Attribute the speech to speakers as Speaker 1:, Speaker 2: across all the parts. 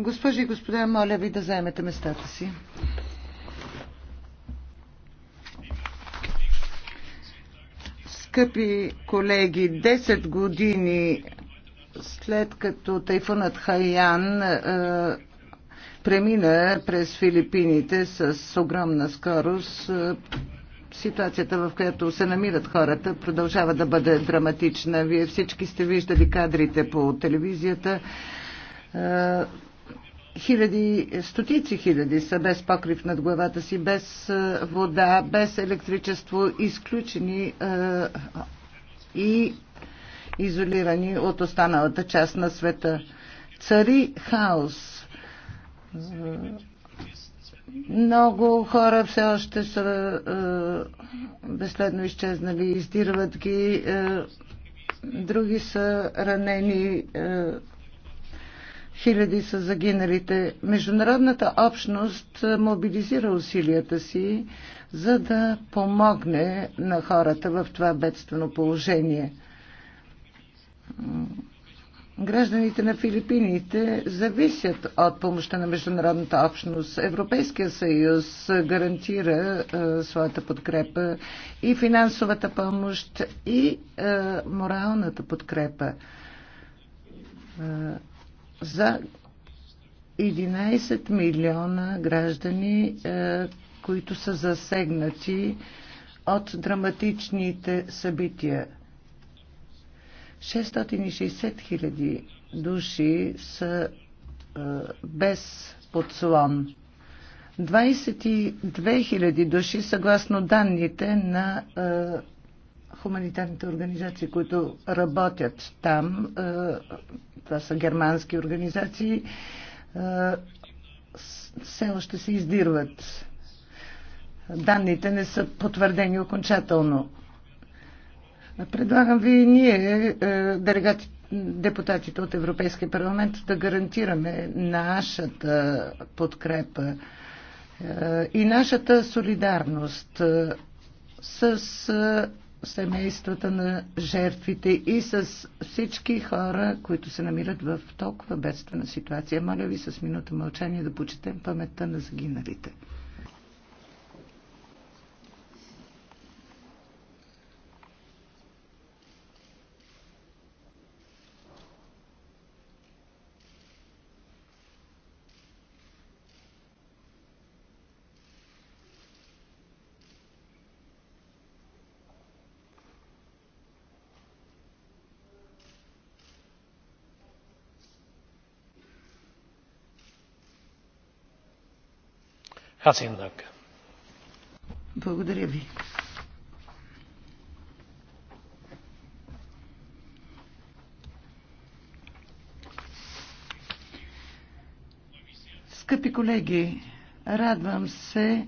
Speaker 1: Госпожи и господа, моля ви да заемете местата си. Скъпи колеги, 10 години след като тайфунът Хайян е, премина през Филипините с огромна скорост, е, ситуацията, в която се намират хората, продължава да бъде драматична. Вие всички сте виждали кадрите по телевизията. Е, хиляди, стотици хиляди са без покрив над главата си, без вода, без електричество, изключени и изолирани от останалата част на света. Цари хаос. Много хора все още са е, безследно изчезнали, издирват ги, е, други са ранени хиляди са загиналите. Международната общност мобилизира усилията си, за да помогне на хората в това бедствено положение. Гражданите на Филипините зависят от помощта на международната общност. Европейския съюз гарантира е, своята подкрепа и финансовата помощ, и е, моралната подкрепа. Е, за 11 милиона граждани, е, които са засегнати от драматичните събития. 660 хиляди души са е, без подслон. 22 000 души, съгласно данните на е, хуманитарните организации, които работят там, е, това са германски организации, е, все още се издирват. Данните не са потвърдени окончателно. Предлагам ви и ние, е, депутатите от Европейския парламент, да гарантираме нашата подкрепа и нашата солидарност с семействата на жертвите и с всички хора, които се намират в толкова бедствена ситуация. Моля ви с минута мълчание да почетем паметта на загиналите. Herzlichen Dank. Благодаря ви. Скъпи колеги, радвам се,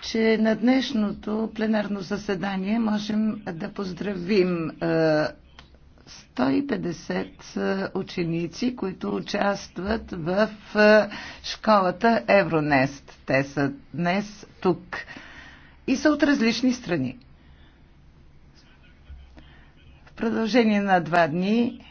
Speaker 1: че на днешното пленарно заседание можем да поздравим е, 150 е, ученици, които участват в е, школата Евронест. Те са днес тук и са от различни страни. В продължение на два дни